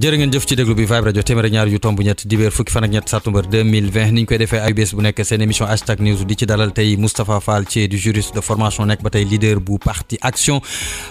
jërë jëf ci déglu bi Vibe radio téeméer ñaar yu tomb ñett dibéer fukki fan ak ñett satumbar 2020 ni ñu koy defee ay bu nekk seen émission hashtag news di ci dalal tey Moustapha Fall ci du juriste de formation nekk ba tey leader bu parti action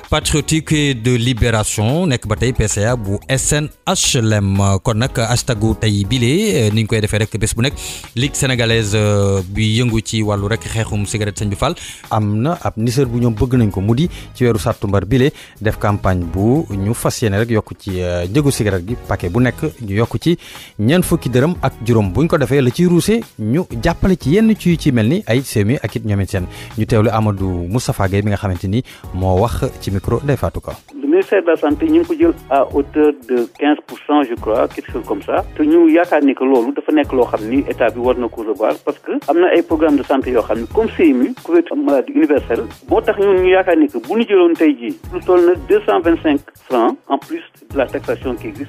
patriotique et de libération nekk ba tey PCA bu SNHLM kon nak hashtagu tey bilé eh, ni ñu koy defee rek bés bu nekk ligue sénégalaise eh, bi yëngu ci walu rek xeexum cigarette sëñ bi Fall am na ab niseur bu ñoom bëgg nañ ko mu di ci weeru satumbar bilé def campagne bu ñu fas yéene rek yokk ci eh, njëgu cigarette affaire bi paquet bu nekk ñu yokk ci ñeent fukki dërëm ak juróom buñ ko defee la ci ruusee ñu jàppale ci yenn ci ci mel ni ay semis ak it ñoom seen ñu teewlu Amadou Moustapha Guèye bi nga xamante ni moo wax ci micro Ndeye Fatou Ka. ministère de la santé ñu ngi ko jël à hauteur de 15 pour cent je crois quelque chose comme ça te ñu yaakaar ni que loolu dafa nekk loo xam ni état bi war na ko revoir parce que am na ay programme de santé yoo xam ni comme CMU couverture maladie universelle moo tax ñun ñu yaakaar ni que bu ñu jëloon tey jii lu toll na deux francs en plus de la taxation qui existe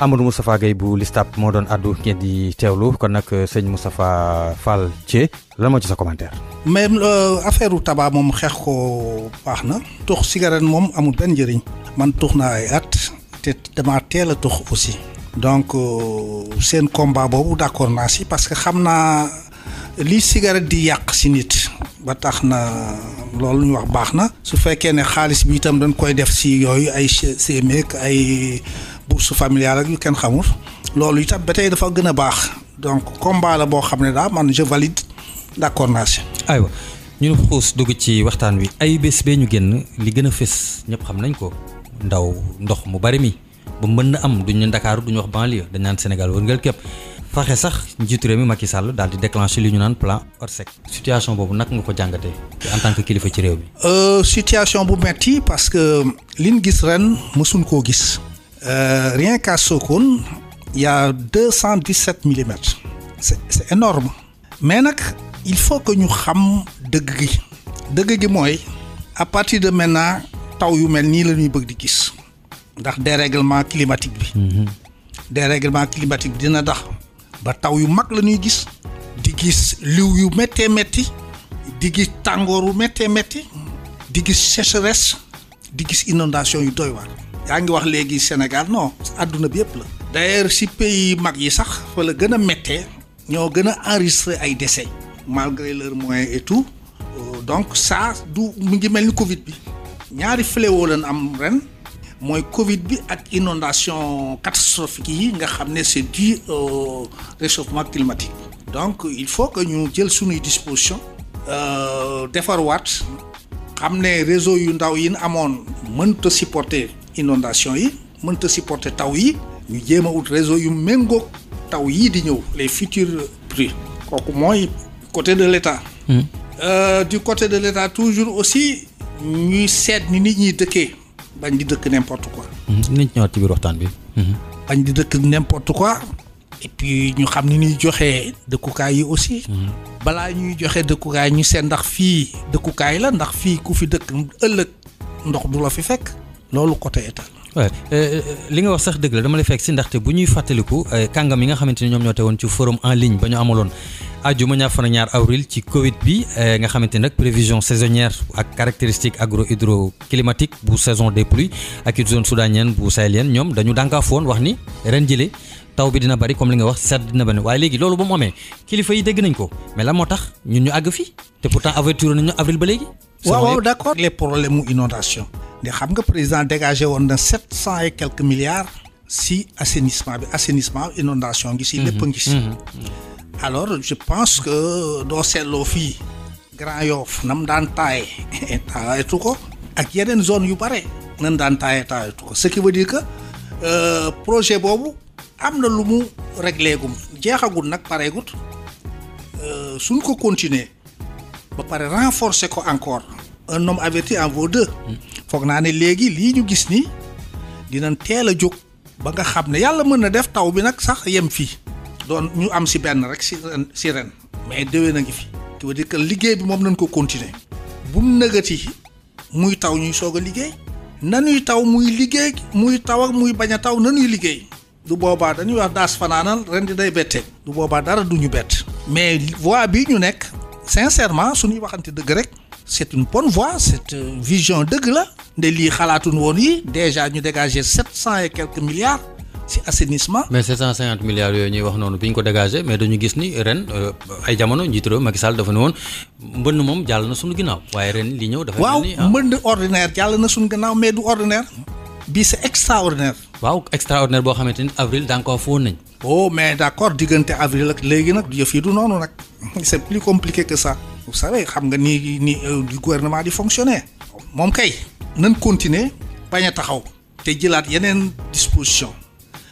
Amadou Moustapha Guèye bu Listap moo doon addu ngeen di teewlu kon nag euh, sëñ Moustapha Fall Thié lan moo ci sa commentaire. mais euh, affaire u tabac moom xeex ko baax na. tux cigarette moom amul benn njëriñ. man tux na ay at te damaa teel a tux aussi. donc euh, seen combat boobu d'accord naa si parce que xam naa li cigarette di yàq si nit. ba tax na loolu ñu wax baax na. su fekkee ne xaalis bi itam dañ koy def si yooyu ay CMEK ay. bourse familiale ak yu kenn xamul loolu itam ba tey dafa gën a baax donc combat la boo xam ne daa man je valide d' accord naa si. aywa ñu xuus dugg ci waxtaan wi ay bés bee ñu génn li gën a fës ñëpp xam nañ ko ndaw ndox mu bari mi bu mën na am duñu Dakar duñu wax banlieue dañ naan Sénégal wërngal képp faxe sax njiitu réew mi Macky Sall daal di déclencher li ñu naan plan Orsec situation boobu nag nga ko jàngatee en tant que kilifa ci réew mi. Euh, situation bu metti parce que liñ gis ren mësuñ koo gis. Euh, rien qu'à Sokone, il y a 217 mm. C'est énorme. Mais il faut que nous sachions degré Le degré est à partir de maintenant taw yu mel ni bëgg di gis ndax dérèglement climatique bi. Mm-hmm. dérèglement climatique dina tax ba taw yu mag lañuy gis di gis liw yu di di inondation yu doy yaa ngi wax léegi Sénégal non àdduna bi yëpp la. d'ailleurs si pays mag yi sax fa la gën a méttee ñoo gën a enregistré ay décès malgré leur moyens et tout euh, donc ça du mu ngi mel ni Covid bi ñaari fléau lañ am ren mooy Covid bi ak inondation catastrophique yi nga xam ne c'est dû au réchauffement climatique donc il faut que ñu jël suñuy disposition euh, defar waat xam ne réseau yu ndaw yi amoon mënta supporter inondation yi ta supporter taw yi ñu réseau yu taw les futurs prix côté de l'état hmm. euh, du côté de l'état toujours aussi ñuy seet ni nit ñi bañ di n'importe quoi hmm. nit ñëwaat ci biir waxtaan bi hmm. bañ di n'importe quoi et puis ñu xam ni ñuy de dëkkukaay yi aussi balaa ñuy joxe dëkkukaay ñu ndax la ndax fii ku fi dëkk ndox la fi loolu côté état euh, euh, li nga wax sax dëgg la dama lay fekk si ndaxte bu ñuy fàttaliku euh, kàngam yi nga xamante ni ñoom ñoo teewoon ci forum en ligne ba ñu amaloon àjjuma ñaar fan ñaar avril ci Covid bi nga xamante ni nag prévision saisonnière ak caractéristique agro hydroclimatique bu saison des pluies ak it zone soudanienne bu sahélienne ñoom dañu dànkaafoon wax ni ren jëlee taw bi dina bari comme li nga wax sedd dina bari waaye léegi loolu ba mu amee kilifa yi dégg nañ ko mais la moo tax ñun ñu àgg fi te pourtant aventure nañu avril ba léegi. waaw waaw d'accord les problèmes mu inondation de xam nga président dégagé woon na 700 et quelques milliards si assainissement bi assainissement inondation gi si mhm. lépp ngi si mhm. alors je pense que doo seetloo fii Grand Yoff nam daan taaye taayetu ko ak yeneen zone yu bare nan daan taaye taayetu ko ce qui veut dire que euh, projet boobu am na lu mu réglé gum jeexagul nag pareegut euh, suñ ko continuer ba pare renforcer ko encore un homme averti en vaut deux. Mm. foog naa ne léegi lii ñu gis ni dinañ teel a jóg ba nga xam ne yàlla mën na def taw bi nag sax yem fii doon ñu am si benn rek si ren si ren mais déwé na ngi fi ci veux dire que liggéey bi moom nañ ko continuer bu mu nëgati muy taw ñuy soog a liggéey nanuy taw muy liggéey muy taw ak muy bañ a taw nanuy liggéey du boobaa dañuy wax daas fanaanal ren di day bettee du boobaa dara duñu bett mais voix bi ñu nekk sincèrement suñuy waxante dëgg rek c'est une bonne voix cette vision deug la ne li à woni, déjà dégagé 700 et quelques milliards c'est assainissement. mais 750 milliards nous ñi wax mais dañu gis ni ren euh, ay dafa na suñu ren li dafa ah. ordinaire na suñu mais du ordinaire. extraordinaire. waaw extraordinaire avril oh mais d'accord avril ak légui nak du nonu nak c'est plus compliqué que ça. vous savez xam euh, du gouvernement di fonctionner. nan continuer bañ a taxaw te jëlaat yeneen disposition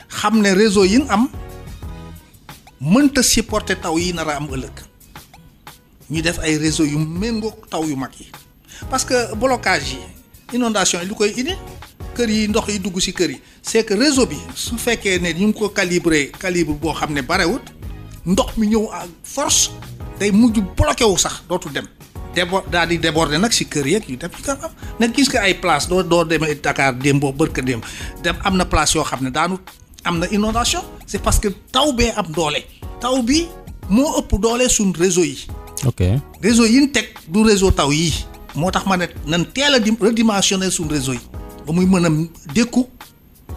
xam ne réseau yi ñu am mënta supporter taw yi nar a am ëllëg ñu def ay réseau yu méngoog taw yu mag yi parce que blocage yi inondation yi lu koy indi kër yi ndox yi dugg ci kër yi c'est que réseau bi su fekkee ne ñu ngi ko calibré calibre boo xam ne barewut ndox mi ñëw ak force day mujj bloqué wu sax dootu dem débor daal di déborder nag si kër yeeg yu def am nga gis nga ay place doo doo demee Dakar démb boo bërka démb dem am na place yoo xam ne daanu am na inondation c'est parce que taw bee am doole taw bi moo ëpp doole suñ réseau yi ok réseau yi ñu teg du réseau taw yii moo tax ma ne nan teel a redimensionner suñ réseau yi ba muy mën a dékku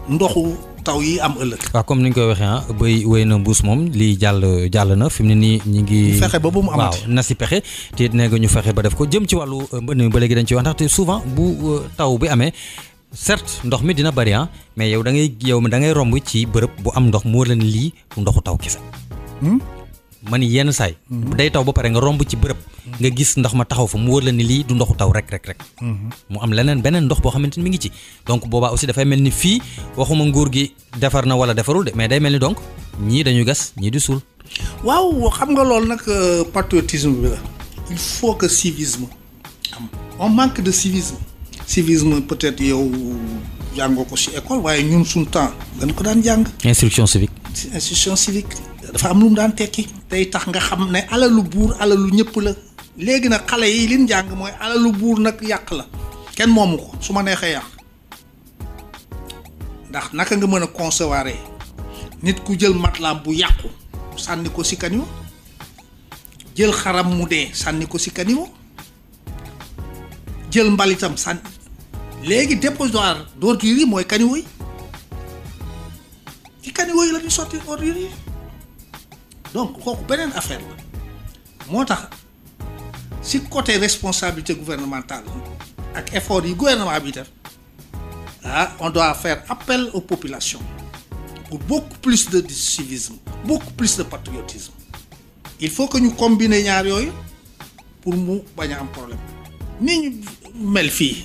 ndoxu taw yi am ëlëk wa comme niñ koy waxee ha ah, bay wéy na mbuus moom lii jàll jàll na fi mu ne nii ñu ngi. fexe ba bu mu amati waaw na si pexe te it nga ñu fexe ba def ko jëm ci wàllu euh, mbënd mi ba léegi dañ ci wax ndaxte souvent bu euh, taw bi amee. cert ndox mi dina bari ha ah, mais yow da ngay yow da ngay romb ci bërëb bu am ndox moo leen lii ndoxu taw kese. Hmm? man yenn say mhm. day taw ba pare nga romb ci beurep mhm. nga gis ndox ma taxaw fa mu wóor la ni li du ndoxu taw rek rek rek mhm. mu am leneen benen ndox bo xamanteni mi ngi ci donc boba aussi da fay melni fi waxuma nguur gi defar na wala defarul de mais day melni donc ñi dañu gas ñi di sul waaw xam nga loolu nak euh, patriotisme bi la il faut que civisme am on manque de civisme civisme peut-être yow jangoko ci école waye ñun sun temps dañ ko daan jang instruction civique si institution civique dafa am lu mu daan tekki tey tax nga xam ne alalu buur alalu ñëpp la léegi nag xale yi liñ jàng mooy alalu buur nag yàq la kenn moomu ko su ma neexee yàq ndax naka nga mën a concevoir nit ku jël matlaam bu yàqu sànni ko si kaniwu jël xaram mu dee sànni ko si kaniwo jël mbalitam sànni léegi dépotoir d'ordures yi mooy kaniwo yi ci kan yooyu la ñuy sotti ordures yi donc kooku beneen affaire la moo tax si côté responsabilité gouvernementale ak effort yi gouvernement bi def ah on doit faire appel aux populations pour beaucoup plus de civisme beaucoup plus de patriotisme il faut que ñu combiner ñaar yooyu pour mu bañ a am problème ni ñu mel fii.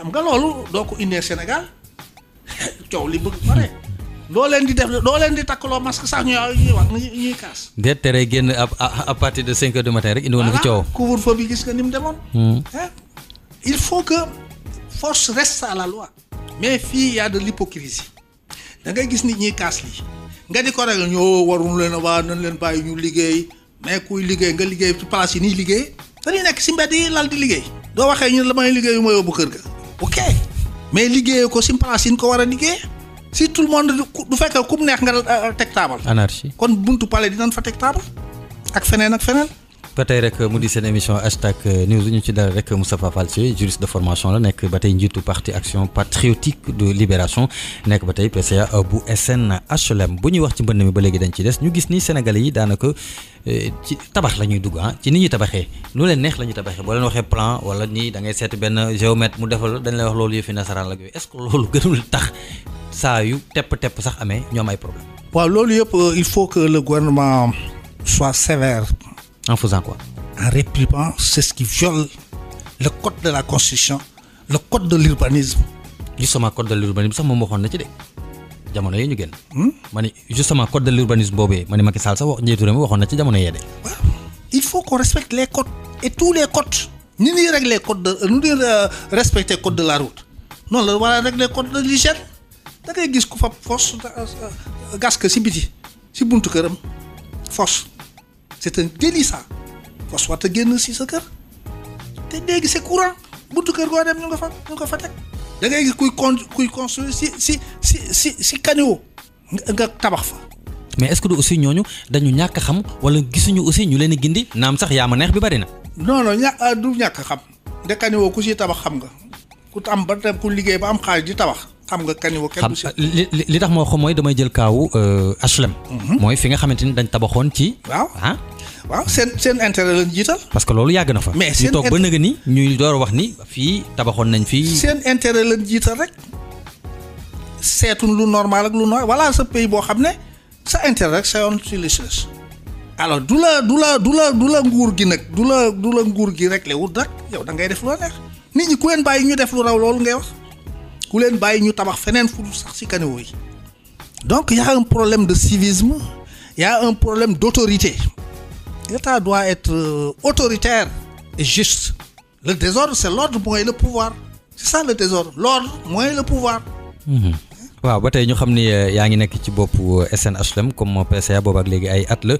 xam nga loolu doo ko indee Sénégal coow li bëgg pare doo leen di def doo leen di takkaloo masque sax ñu ñuy wax ñuy kaas. de tere génn à partir de cinq heures du matin rek indi woon na fi coow. couvre feu bi gis nga ni mu demoon. il faut que force reste à la ah. loi. mais fii y a de l'hypocrisie da ngay gis ni ñuy kaas lii nga di ko ragal ñoo warul leen waa nañ leen bàyyi ñu liggéey mais kuy liggéey nga liggéey ci place yi nii liggéey dañuy nekk si mbedd yi lal di liggéey doo waxee ñu la may liggéey yu ma yóbbu kër ga ok mais liggéeye ko si place yi ñu ko war a liggéey si tout le monde du fekkee ku mu neex nga euh, teg taabal. anarchie kon buntu palais dinañ fa teg taabal ak feneen ak feneen. ba tey rek mu di seen émission hashtag euh, news ñu ci dal rek Moustapha Fall juriste de formation la nekk ba tey njiitu parti action patriotique de libération nekk ba tey PCA bu SNHLM bu ñuy wax ci mbënd mi ba léegi dañ ci des ñu gis ni Sénégalais yi daanaka euh, ci tabax la ñuy dugg ah ci ni ñuy tabaxee lu leen neex la ñuy tabaxee boo leen waxee plan wala ni da ngay seet benn géomètre mu defal dañ lay wax loolu yëfi nasaraan la yooyu est-ce que loolu gënul tax saa yu tepp-tepp sax amee ñoom ay problème waaw loolu yëpp euh, il faut que le gouvernement soit sévère en faisant quoi En réprimant, c'est ce qui viole le code de la construction, le code de l'urbanisme. Justement, code de l'urbanisme, ça hmm? m'a dit que de yi ñu suis ma justement code de l'urbanisme bobé. ma ni Macky sa il faut qu'on respecte les codes et tous les codes ni ni régler codes, de nous respecter de la route Nous le voilà a les codes de l'hygiène da ngay gis ku fa force que euh, euh, c'est si biti si buntu këram force c'est un délit ça soit warta génn si ce cœur. te dég c'est courant buntu cœur go dem ñu nga fa ñu nga fa tek. da ngay gis kuy con kuy construire si si si si si kañoo nga tabax fa mais est-ce que du aussi ñooñu dañu ñak xam wala gisunu aussi ñu leen gindi nam sax yaa ma neex bi bari na non non ña ah, du ñàkk xam ndekañoo ku si tabax xam nga ku am ba dem ku liggéey ba am xaalis di tabax xam nga kañ wa kenn li li tax ma wax mooy damay jël kaawu euh, HLM. Mhm. mooy fi nga xamante dañ tabaxoon ci. waaw ah. waaw sen seen intérêt lañ jiital. parce que loolu yàgg na fa. mais seen toog ba nëgë ni ñuy door a wax ni fii tabaxoon nañ fii. seen intérêt lañ jiital rek seetun lu normal ak lu no voilà sa pays boo xam ne sa intérêt rek sa yoon ci li alors du la du la nguur gi nag du la nguur gi rek lewut dak, yow da ngay def loo neex nit ñi ku leen bàyyi ñu def lu raw loolu ngay wax. kulen leen ñu tabax fenen fu sax ci caniveau yi donc y a un problème de civisme il y a un problème d'autorité l'État doit être euh, autoritaire et juste le désordre c'est l'ordre mooy le pouvoir c'est ça le désordre l'ordre mooy le pouvoir mmh. waaw ba tey ñu xam ni euh, yaa ngi nekk ci bopp euh, SNHLM comme PCA boobu ak léegi ay at la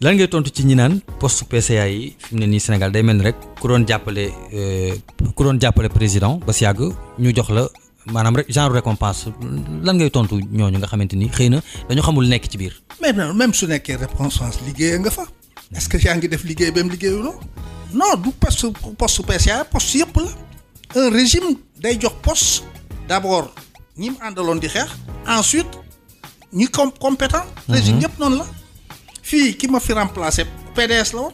lan ngay tontu ci ñi naan poste PCA yi fi mu ne nii Sénégal day mel ni rek ku doon jàppale ku doon jàppale président ba si yàgg ñu jox la maanaam rek genre récompense lan ngay tontu ñooñu nga xamante ni xëy na dañu xamul nekk ci biir. mais non même su nekkee récompense liggéey nga fa. est-ce que yaa ngi def liggéey ba mu liggéeyuloo. non du poste poste PCA poste yëpp la. un régime day jox poste d'abord ñi mu àndaloon di xeex. ensuite ñi com compétent. Mhm. régime yëpp noonu la. fii ki ma fi remplacé PDS la woon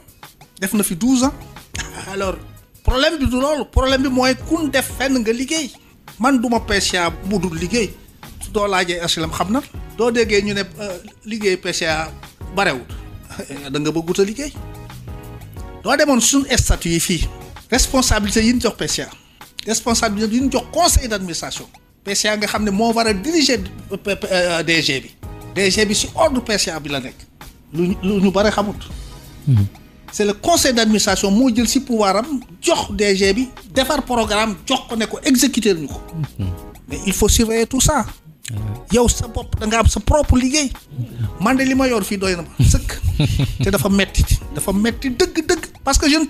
def na fi 12 ans. alors problème bi du loolu problème bi mooy kun def fenn nga liggéey. man du ma PCA bu dul liggéey su doo laajee asilam xam na doo déggee ñu ne euh, liggéey PCA barewut da nga bëggut a liggéey doo demoon suñ statut yi fii responsabilité yi ñu jox PCA responsabilité yi ñu jox conseil d'administration PCA nga xam ne moo war a diriger euh, DG bi DG bi ci ordre PCA bi la nekk lu ñu lu ñu bare xamut hmm. c' est le conseil d' administration moo jël si pouvoir am jox DG bi defar programme jox ko ne ko exécuter ñu ko mais il faut surveiller tout ça yow sa bopp da nga am sa propre liggéey man de li ma yor fii doy na ma sëkk te dafa metti dafa metti dëgg dëgg parce que je ne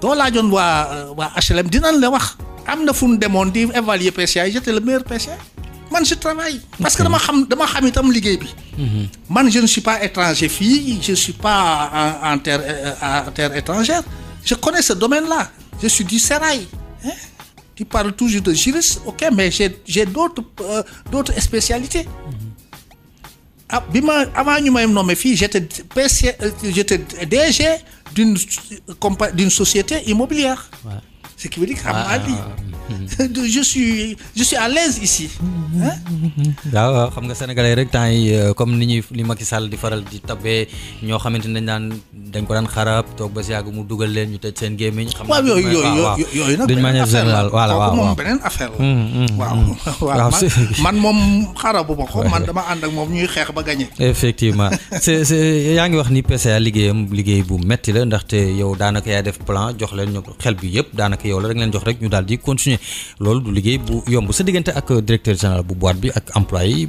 doo laajoon waa euh, waa HLM dinañ la wax am na fu mu demoon di évaluer PCA yi j'étais meilleur PCA man je travaille. parce que dama xam mhm. je ne suis pas étranger fii je ne suis pas euh, en terre étrangère je connais ce domaine-là je suis du Serail. tu hein, parles toujours de Jiris, ok mais j'ai j'ai d'autres euh, d'autres spécialités. Mhm. Ah, bi avant ñu may nommé fii j'étais PC euh, j'étais DG d'une d'une société immobilière. ce qui veut dire que. Mali. je suis je suis à l'aise ici. waaw euh, xam nga sénégalais rek temps yi euh, comme ni ñuy li Macky Sall di faral di tabee ñoo xamante ne dañ daan dañ ko daan xarab toog ba si yàgg mu dugal leen ñu tëj seen gémmiñ. xam nga yooyu yooyu yooyu nag. d'une manière générale voilà waaw moom beneen affaire mm, mm, mm, waaw man mom xarabu ma ko man dama ànd ak moom ñuy xeex ba gagné. effectivement c'est c'est yaa ngi wax ni PCA liggéeyam liggéey bu metti la ndaxte yow daanaka yaa def plan jox leen ñu xel bi yëpp daanaka yow la rek leen jox rek ñu daal di continuer C'est loolu du liggéey bu yomb sa diggante ak directeur général bu boîte bi ak employé yi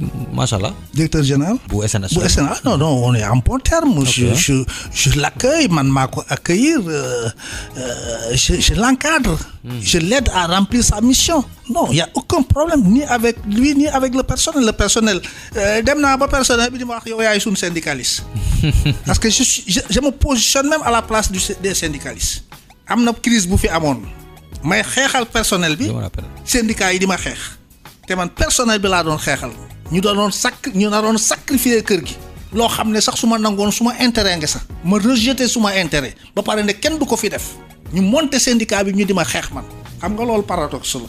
directeur général bu SNH. bu SNH non non on est en bon terme. je je je l'encadre, man maa accueillir euh, euh, je je l'encadre hmm. je l'aide à remplir sa mission. non il n'y a aucun problème ni avec lui ni avec le personnel le personnel je euh, ba personnel bi di ma wax yow syndicaliste. parce que je je, je me positionne même à la place du des syndicalistes am na crise bu fi amoon. may xeexal personel bi syndicat yi di ma xeex te man personnel bi laa doon xeexal ñu doonoon sakk ñu naroon sacrifier kër gi loo xam ne sax su ma nangoon su ma intérêt nga sax ma rejeté su ma intérêt ba pare ne kenn du ko fi def ñu monter syndicat bi ñu di ma xeex man xam nga loolu paradoxe la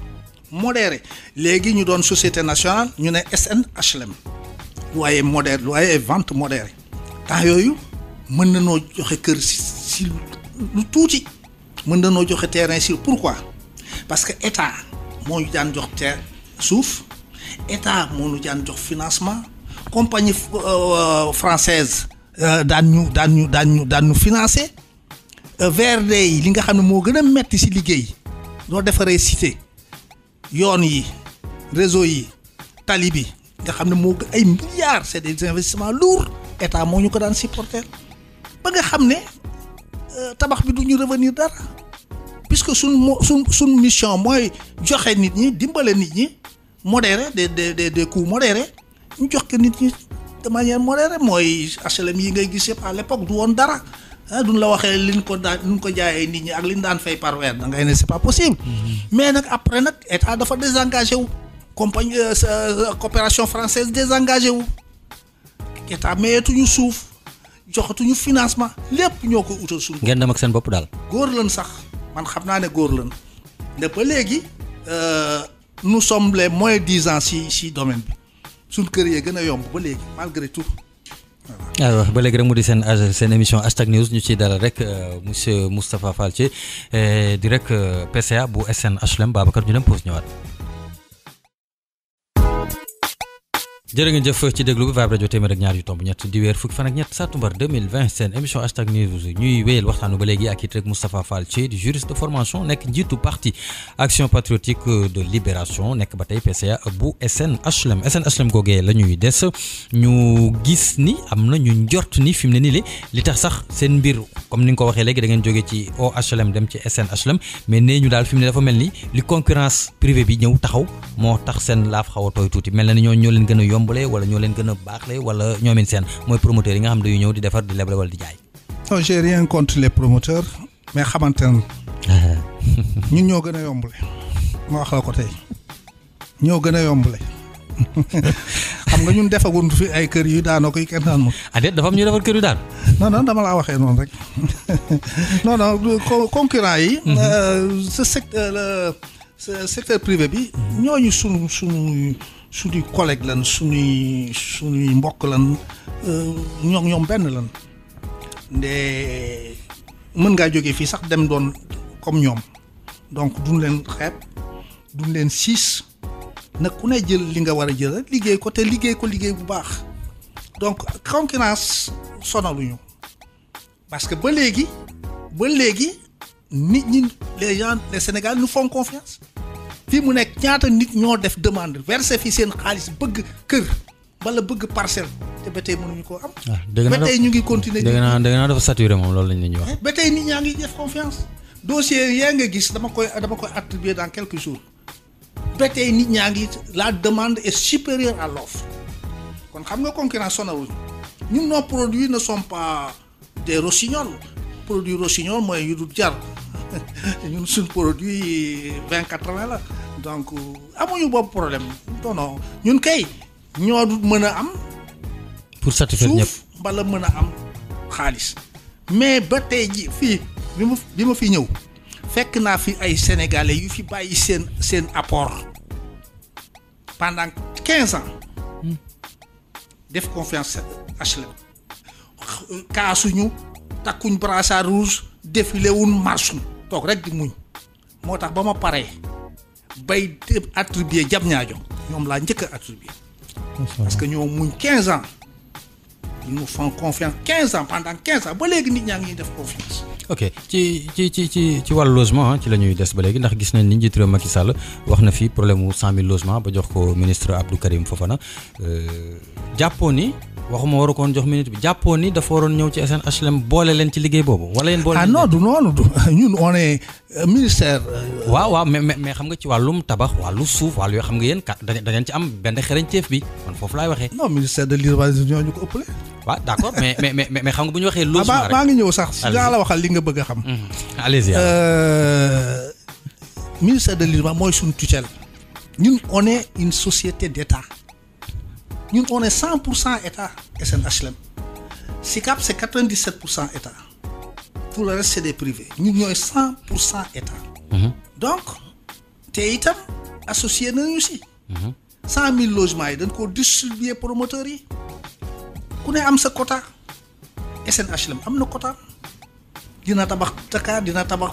modéré légui ñu doon société nationale ñu né SNHLM loyer modéré loyer et vente modéré. temps yoyu mën na noo joxe kër si lu tuuti mën na joxe terrain si pourquoi parce que état mo ñu daan jox terre souf état mo ñu daan jox financement compagnie euh, française euh, daan ñu daan ñu daan ñu daan ñu financer, euh, VRD yi li nga xam ne moo gën a metti si liggéey doo defaree cité. yoon yi réseau yi tali bi nga xam ne moo ay milliards c'est des investissements lourds état moo ñu ko daan supporter ba nga xam ne euh, tabax bi du ñu revenir dara puisque suñ mo suñ suñ mission mooy joxe nit ñi dimbale nit ñi modéré des des des coûts modérés ñu jox ko nit ñi de manière modérée mooy HLM yi ngay gis yëpp à l'époque du woon dara. ah duñ la waxee liñ ko daan liñ ko jaayee nit ñi ak li liñ daan fay par weer da ngay ne c'est pas possible. Mm-hmm. mais nag après nag état dafa désengagé wu. compagnie euh, coopération française désengagé wu état mayeetuñu suuf joxatuñu financement lépp ñoo ko utal suuf. ngeen dem ak seen bopp daal. góor lan sax man xam naa ne góor lan ne ba léegi euh, nous sommes les moins dix ans si si domaine bi suñ kër yee gën a yomb ba léegi malgré tout. waaw ba léegi rek mu di seen seen émission hashtag news ñu ciy dalal rek euh, monsieur Moustapha Fall ci euh, di rek euh, PCA bu SN HLM Babacar ñu dem pause ñëwaat. jërëngëjëf ci déglu bi Vibe radio téeméer ak ñaar yu tomb ñett di weer fukki fan ak ñett sàttumbar 2020 seen émission hashtag news ñuy wéyal waxtaanu ba léegi ak it rek Moustapha Fall Thié juriste de formation nekk njiitu parti action patriotique de libération nekk ba tey PCA bu SNHLM SNHLM SN googee la ñuy des ñu gis ni am na ñu njort ni fi mu ne nii le li tax sax seen mbir comme ni nga ko waxee léegi da ngeen jógee ci OHLM dem ci SNHLM mais nee ñu daal fi mu ne dafa mel ni li concurrence privée bi ñëw taxaw moo tax seen laaf xaw a tooy tuuti mel na ni ñoo leen gën a yomb yombale wala ñoo leen gën a baaxle wala ñoomin seen mooy promoteur yi nga xam dañuy ñëw di defar di leble wala di jaay. non j'ai rien contre les promoteurs mais xamante ne ñun ñoo gën a yombale ma wax la ko tey ñoo gën a yombale xam nga ñun defagun fi ay kër yu daanoo koy kenn daan moom. Ah, dafa am ñu defar kër yu daan. non non dama laa waxee noonu rek non non concurrent yi. Mhm. Euh, euh, ce secteur privé bi. Mhm. ñooñu sunu sunu. suñuy collègue lan suñuy suñuy mbokk lan euh, ñoom ñoom benn lan nde mën ngaa jóge fii sax dem doon comme ñoom donc duñ leen xeeb duñ leen siis nag ku ne jël li nga war a jël liggéey ko te liggéey ko liggéey bu baax donc concurrence sonaluñu parce que ba léegi ba léegi nit ñi les gens les Sénégal nous font confiance fi mu nek ñaata nit ñoo def demande verser fi seen xaalis bëgg kër bala bëgg parcel te ba tey mënuñu ko am. waaw ah, ba tey ñu ngi continuer. dëgg naa naa dafa saturé moom loolu lañ leen wax. ba tey nit ñaa ngi def confiance dossier yaa nga gis dama koy dama koy attribuer dans quelques jours ba tey nit ñaa ngi la demande est supérieure à l'offre kon xam nga concurrence sonawul ñun nos produits ne sont pas des rossignol produits rossignol mooy yu dul jar ñun suñ produit vingt quatre-vingt la donc amuñu boobu problème non ñun kay ñoo mën a am. pour satisfaire ñëpp suuf bala mën a am xaalis. mais ba tey ji fii bi ma fi ñëw fekk naa fi ay sénégalais yu fi bàyyi seen seen apport pendant quinze ans hmm. def confiance HLM kaasuñu takkuñ brassard rouge défilé wuñ marsuñ toog rek di muñ parce que 15 ans ils nous font confiance 15 ans pendant 15 ans logement ci problème logement ba jox ministre Abdou Karim Fofana euh, waxuma waru koon jox minute bi jàppoo ni dafa waroon ñëw ci SNHLM boole leen ci liggéey boobu wala yéen boole ah non du noonu du ñun on est euh, euh, mais xam nga ci wàllum tabax wàllu suuf wàllu yoo xam nga yéen kat da ngeen ci am benn xereñteef bi man foofu laay waxee. non ministère de l'urbanisme ñoo ñu ko ëppale. waaw d'accord mais mais mais xam nga bu ñu waxee. Ah, logement rek maa ngi ñëw sax. dinaa la waxal li nga bëgg a xam. Mhm. Euh, de l'urbanisme mooy suñu tutelle. ñun on une société d'État. Nous on est 100 état SNHLM SICAP c'est 97 pour état pour le reste c'est des privés nous sommes 100 état. Mhm. donc te itam associé 100 aussi. 100000 logements dañ distribuer promoteurs yi ku am sa quota SNHLM am na quota dina tabax dina tabax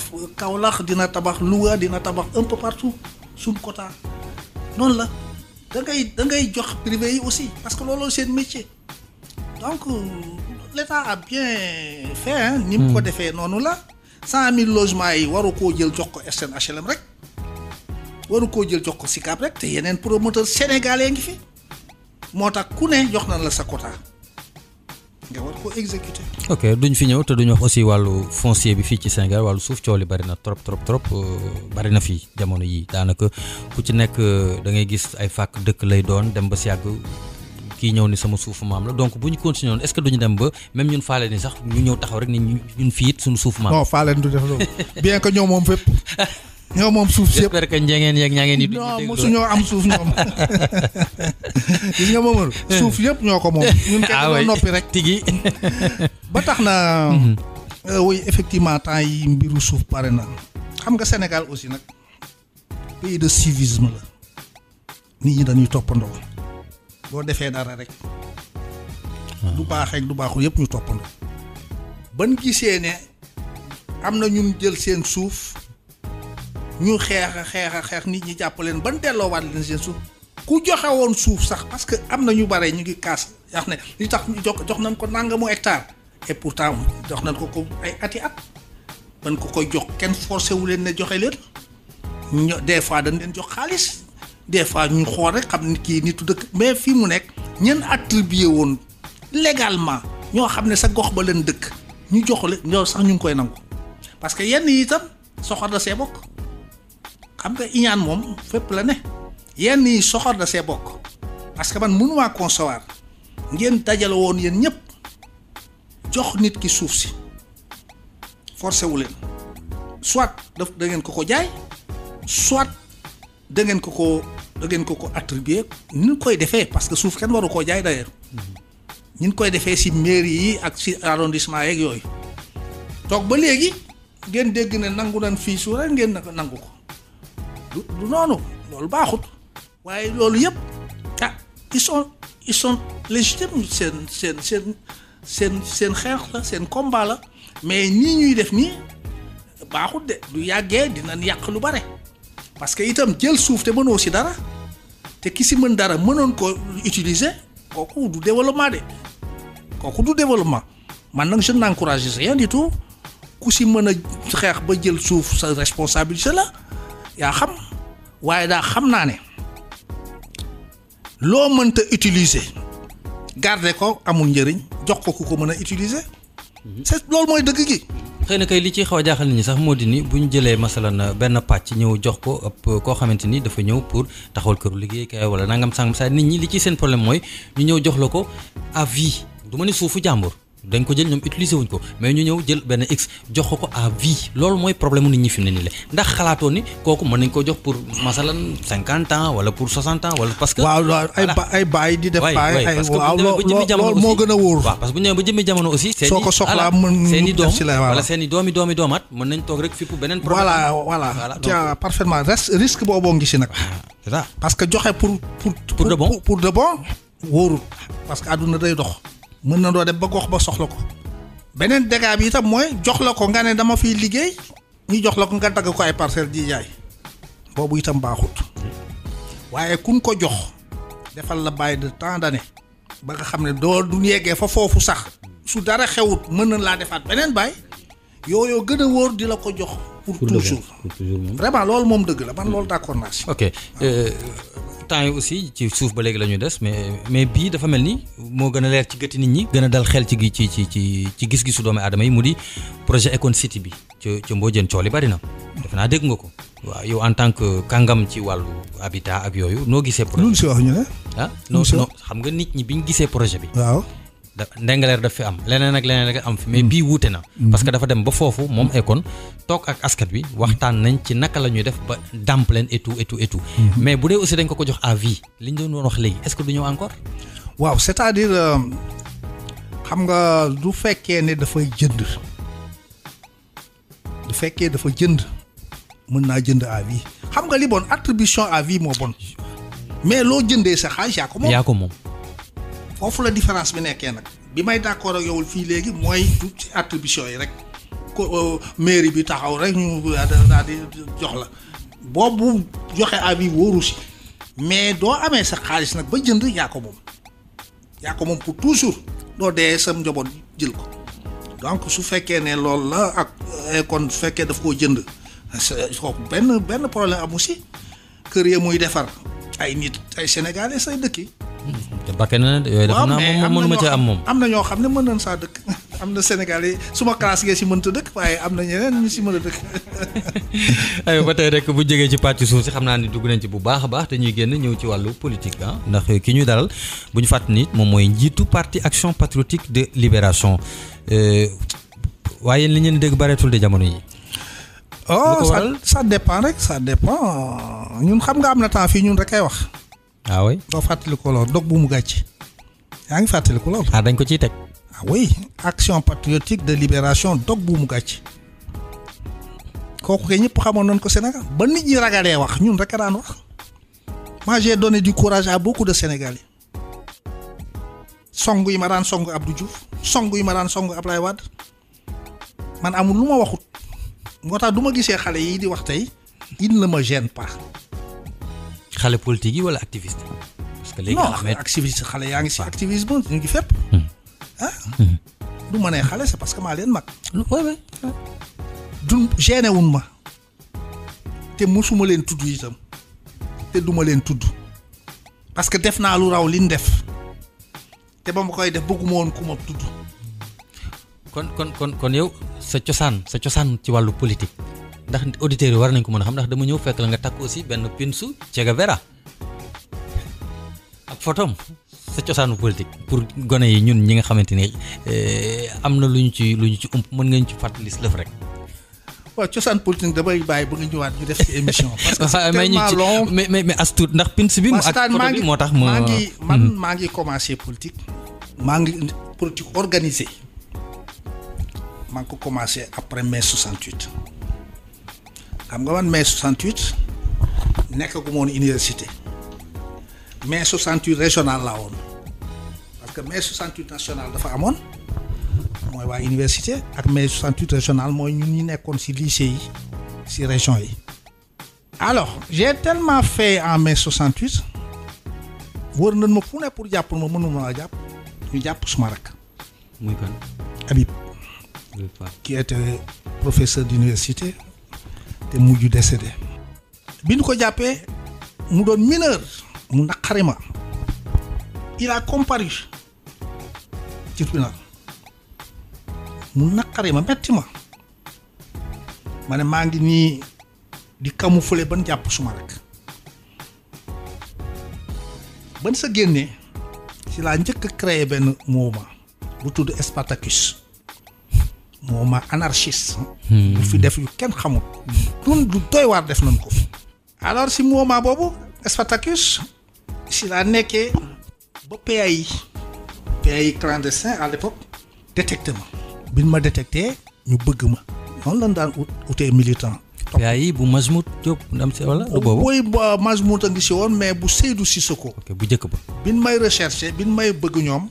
dina tabax dina tabax un peu partout le quota Non la. da ngay da ngay jox privé yi aussi parce que looloo seen métier donc l'État a bien fin ni mu ko hmm. defee noonu la cent mille logements yi waru koo jël jox ko SN HLM rek waru koo jël jox ko SICAP rek te yeneen promoteur sénégalais ngi fi moo tax ku ne jox na la sa quota nga war ñu exécuter. ok duñ fi ñëw te duñ wax aussi wàllu foncier bi fii ci Sénégal wàllu suuf coow li bari na trop trop trop euh, bari na fii jamono yii daanaka ku ci nekk euh, da ngay gis ay fàkk dëkk lay doon dem ba si yàgg kii ñëw ni sama suufu maam la donc bu ñu continué woon est-ce que duñu dem ba même ñun faale ni sax ñu ñëw taxaw rek ni ñun fii it suñu suuf maam. non faale du def loolu bien que ñoom moom fépp. ñoo moom suuf si yëpp j'espère que njengeen yeeg ñangeen yi non am suuf ñoom gis nga moomar suuf siap ñoo ko moom ah ñun kay dañoo noppi rek tigi ba na mhm. euh, oui effectivement temps yi mbiru suuf pare na xam nga Sénégal aussi nag pays de civisme la nit dan dañuy pondok. Bo defee dara rek ah. du baax rek du baaxul yëpp ñu toppandoo ban gisee ne amna ñun jël seen suuf ñu xeex a xeex a xeex nit ñi jàpp leen ban delloowaat leen seen suuf ku joxe woon suuf sax parce que am na ñu bare ñu ngi kaas yaax ne li tax ñu jox jox nañ ko nangamu hectare et pourtant jox nañ ko ko ay ati at ban ko koy jox kenn forcé wu leen ne joxe leen ñu des fois dañ leen jox xaalis des fois ñu xool rek xam ni kii nitu dëkk mais fi mu nekk ñen attribué woon légalement ñoo xam ne sa gox ba leen dëkk ñu sax ñu ngi koy nangu parce que yenn yi itam soxor da see bokk xam nga iñaan moom fépp la ne yenn yi soxor da see bokk parce que man mënumaa concevoir ngeen dajale woon yéen ñëpp jox nit ki suuf si forcé wu leen soit daf da ngeen ko ko jaay soit da ngeen ko ko da ngeen ko ko attribuer ni koy defee parce que suuf kenn waru koo jaay d'ailleurs ni koy defee si mairie yi ak si arrondissement yeeg yooyu toog ba léegi ngeen dégg ne nangu nan fii suura ngeen nangu ko du noonu loolu baaxut waaye loolu yëpp ah ils sont ils sont légitimes seen seen seen seen seen xeex la seen combat la mais nii ñuy def nii baaxut de du yàggee dinañ yàq lu bare parce que itam jël suuf te mënoo si dara te ki si mën dara mënoon ko utiliser kooku du développement de kooku du développement man nag je n'encourage rien du tout ku si mën a xeex ba jël suuf sa responsabilité la yaa xam waaye daa xam naa ne loo mën te utiliser garde ko amul njëriñ jox ko ku ko mën a utiliser. Mhm. c'est loolu mooy dëgg gi. xëy na kay li ci xaw a jaaxal nit ñi sax moo di ni bu ñu jëlee masalan uh, benn pàcc ñëw jox ko ëpp uh, koo xamante ni dafa ñëw pour taxawal këru liggéeykaay wala nangam sangam saa nit ñi li ci seen problème mooy ñu ñëw jox la ko à vie du ma ni suufu jàmbur. dañ ko jël ñom utiliser wuñ ko mais ñu ñew jël ben x jox ko à vie lool moy problème nit ñi fi mu le ndax xalaato ni koku mën nañ ko jox pour masalan 50 ans wala pour 60 ans wala parce que waaw ay ay bay di def bay ay waaw lool mo gëna woor waaw parce que bu ñew ba jëmi jamono aussi c'est soo ko soxlaa mën seen i doom wala seen i domi doomi doomaat mën nañ tok rek fi pour benen problème voilà voilà tu as parfaitement risque bobo ngi ci nak ah, c'est ça parce que joxe pour pour pour de bon pour de bon wóorul parce que aduna day dox mën na doo dem ba gox ba soxla ko beneen dégât bi itam mooy jox la ko nga ne dama fiy liggéey ñu jox la ko nga dagg ko ay parcelle di jaay boobu itam baaxut waaye kun ko jox defal la bàyyi de temps d'année ba nga xam ne doo du yeggee fa foofu sax su dara xewut mën na laa defaat beneen bàyyi yooyu gën a wóor di la ko jox. pour toujours pour toujours vraiment loolu moom dëgg la man loolu mm. d'accord naa si. ok euh, temps yi aussi ci suuf ba léegi la ñuy des mais mais bii dafa mel ni moo gën a leer ci gëtt nit ñi. gën a dal xel ci ci ci ci ci gis-gisu doomi aadama yi mu di projet Econ City bi ca ca Mbodiène coow li bari na. naa dégg nga ko. waa yow en tant que kàngam ci wàllu habitat ak yooyu noo gisee. projet bi lu si wax ñu ne. ah non non xam nga nit ñi bi ñu gisee projet bi. waaw. da ndengaleer daf fi am leneen ak leneen rek am fi mais bii wuute na mm-hmm. parce que dafa dem ba foofu moom Akon toog ak askat bi waxtaan nañ ci naka la ñuy def ba dàmp leen et tout et mm-hmm. mais bu dee aussi dañ ko ko jox à vie li ñu doon wax léegi est-ce que du ñëw encore waaw c'est-à-dire euh, xam nga du fekkee ne dafay jënd du fekkee dafa jënd mën naa jënd à vie xam nga li bon attribution à vie moo bon mais loo jëndee sa xaalis yaa ko moom foofu la différence bi nekkee nag bi may d'accord ak yowul fii léegi mooy du ci attribution yi rek ko euh, mairie bi taxaw rek ñu euh, daal di jox joxe avis si mais doo amee sa xaalis nag ba jënd yaa ko moom yaa ko moom pour toujours doo dee sam njaboot jël ko donc su fekkee ne loolu la ak euh, kon su fekkee daf koo jënd kooku benn benn problème amu si kër ya muy defar ay nit ay sénégalais say dëkki te bakke na ne yooyu dafa naa moom mënuma ci am moom am na xam ne mën nañ saa dëkk am na Sénégal yi suma classe gee si mënta dëkk waaye am na ñeneen ñu si mën a dëkk ba tey rek bu jegee ci parti suuf si xam naa ni dugg nañ ci bu baax a baax dañuy génn ñëw ci wàllu politique ah ndax ki ñuy dalal bu ñu fàtt nit moom mooy njiitu parti action patriotique de libération euh, waaye li ngeen dégg bareetul de jamono yi oh ça ça dépend rek ça dépend ñun xam nga am na temps fii ñun rek ay wax ah oui doo ko lool dog bu mu gàcc yaa ngi ko lool. ah dañ ko ciy teg. ah oui action patriotique de libération dog bu mu gàcc kooku kay ñëpp xamoon nañ ko Sénégal ba nit ñi ragalee wax ñun rek daan wax moi j'ai donné du courage à beaucoup de Sénégalais songu yi ma daan songu Abdou Diouf songu yi ma daan songu Ablaye Wade man amul lu ma waxut moo tax du ma gisee xale yi di wax tey il ne me gêne pas. xale politique yi wala activiste parce que léegi Ahmed activiste xale yaa ngi si activisme ñu ngi fépp hmm. ah hmm. du ma nee xale sa parce que maa leen mag du gêné wun ma te mosuma leen tudd itam te duma leen tudd parce que def naa lu raw liñ def te ba ma koy def bëgguma woon ku ma tudd kon kon kon kon yow sa cosaan sa cosaan ci wàllu politique ndax auditeur oh, war nañ ko mën a xam ndax dama ñëw fekk la nga takku aussi benn pinsu cega vera ak photom sa cosaanu politique pour gone yi ñun ñi nga xamante eh, ne am na luñ ci luñ ci ump mën ngeen ci fàttali lëf rek waaw cosaan politique damay bàyyi ba nga ñëwaat ñu def ci émission parce ah, que c'est tellement long mais mais mais as ndax pins bi ak photo bi moo tax ma maa ngi hmm. man maa ngi commencé politique maa ngi politique organisée maa ngi ko commencé après mai 68 mai nga man mai 68 nekkaguma l'université. université mai 68 régional parce que mai 68 national dafa amoon mooy waa université ak mai 68 régional mooy ñun ñi nekkoon ci lycée région yi. alors j'ai tellement fait en mai 68 wër nañ ma fu ne pour jàpp ma mënuma laa jàpp ñu jàpp suma qui était professeur d'université. te mujj décédé biñ ko jappé mu doon mineur mu nakarima ma il a comparu ci tribunal mu nakarima metti ma ma ngi ni di camoufler ban japp suma rek ban sa génné ci la ñëk créer ben mouvement bu tuddu Spartacus mooma anarchiste. bu hmm. fi def yu kenn xamul. ñun du doy waar def nañ ko fi. alors si mooma boobu Spartacus si la nekkee ba PAI PAI clandestin à l'époque détecté ma bi ma détecté ñu bëgg ma noonu lañ daan ut utee militant. PAI bu Majmout Diop ndam si wala lu boobu. booy Majmout a ngi si woon mais bu Seydou Cissokho. ok bu njëkk ba. bi may recherché bi may bëgg ñoom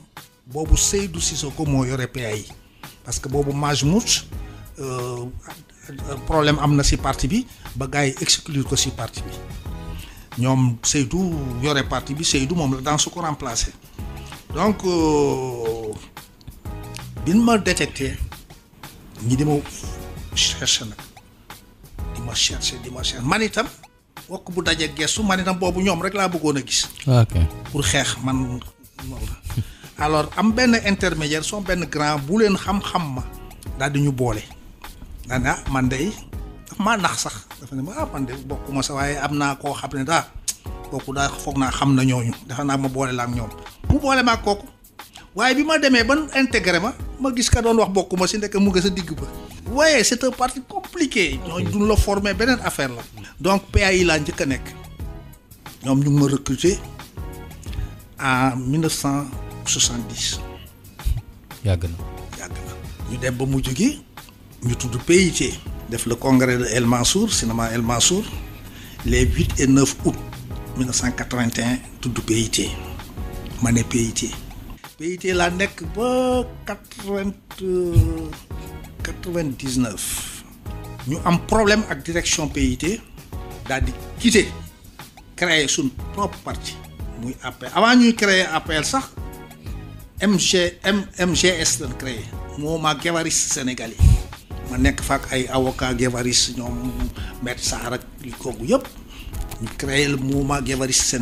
boobu Seydou Cissokho moo yore PAI. parce que boobu Majmout euh, euh, problème am na si parti bi ba gars yi exclure ko si parti bi ñoom Seydou yore parti bi Seydou moom la dans su ko remplacer donc euh, biñ ma détecté ñi di ma cherché nag di ma cherché di ma cherché man itam wokk bu dajee gestu man itam boobu ñoom rek laa bëggoon a gis. Ah, ok pour xeex man alors am benn intermédiaire son benn grand bu leen xam-xam ma daal di ñu boole daal ah man de daf maa nax sax dafa ne ma ah man de bokkuma sa waaye am naa koo xam ne daa kooku daal foog naa xam na ñooñu dafa naa ma boole la ak ñoom mu boole ma ak kooku waaye bi ma demee ban intégré ma ma gis ka doon wax bokkuma si ndekk mu nga sa digg ba waaye c'est un parti compliqué ñooñu duñ la former beneen affaire la donc PAI laa njëkk a nekk ñoom ñu ngi ma recruter 70 yagna yagna ñu dem ba mu avons ñu le congrès de El Mansour cinéma El Mansour les 8 et 9 août 1981 nous pays le mané pays PIT pays ci la nek ba 80 99 euh, ñu am problème ak direction PIT. ci dal di quitter son propre parti avant ñuy créer appel sax MG MMGS lañ créé mouvement guévariste ma nekk fa ay avocat guévariste ñoom maître Sarr ak kooku yëpp ñu créé le mouvement guévariste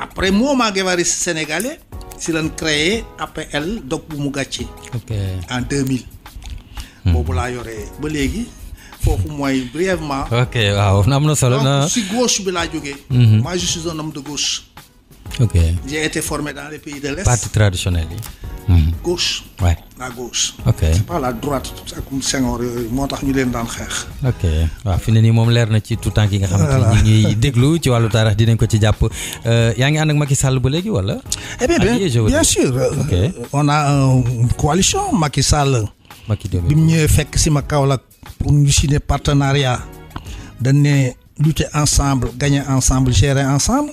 après mouvement guévariste sénégalais si lañ créé APL dog bu mu gàcce en 2000 hmm. boobu laa yoree ba léegi foofu mooy brièvement ok waaw na am na solo na si gauche bi laa jógee hmm. moi je un homme de gauche Ok. J'ai été formé dans les pays de l'Est. Parti traditionnel. Mmh. Gauche. Ouais. La gauche. Ok. C'est pas la droite comme Senghor yooyu euh, moo tax ñu leen daan xeex. ok Wa fi ne nii moom leer na ci tout temps ki nga xamante ni ñu ngi déglu ci walu wàllu di dinañ ko ci jàpp euh, yaa ngi ànd ak Macky Sall bu légui wala. eh bien bien ah, bien sûr. Euh, okay. on a une coalition Macky Sall. Macky Deme bim mu fekk ci ma Kaolack pour ñu signer partenariat dañ né lutter ensemble gagner ensemble gérer ensemble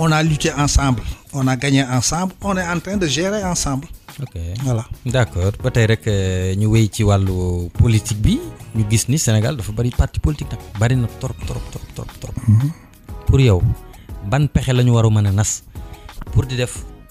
on a lutté ensemble, on a gagné ensemble, on est en train de gérer ensemble. ok voilà d'accord. peut-être que nous ñu politique bi ñu gis ni Sénégal dafa bari parti politique bari na mhm. pour yow ban pexe la ñu pour di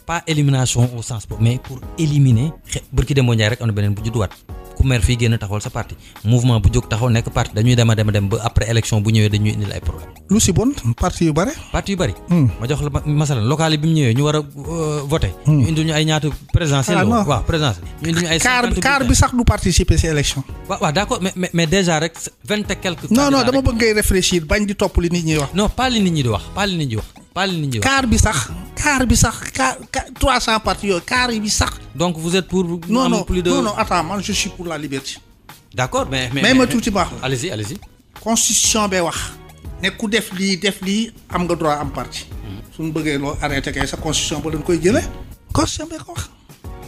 pas élimination au sens mais pour éliminer xe qui rek ku mer génn taxawal sa parti mouvement bu jóg taxaw nekk parti dañuy dem a dem ba après élection bu ñëwee dañuy indil ay problème lu si bon parti yu bare parti yu bëri hmm. ma jox la masalan local yi bi mu ñëwee ñu war a euh, voté hmm. ñu indil ñu ay ñaata présidentielle ah, waaw présidentielle ñu indil ñu ay car bi sax du participer si élection waaw waaw d' mais déjà rek vingt et car bi sax car sax 300 parties yooyu car sax. donc vous êtes pour. non non plus de non non attends man je suis pour la liberté. d'accord mais mais tout ma tuuti allez-y allez-y. constitution be wax. ne ku def li def li am nga droit am parti. Hmm. suñu bëggee lo arrêté kay sa constitution ba dañ koy jëlee. constitution be ko wax.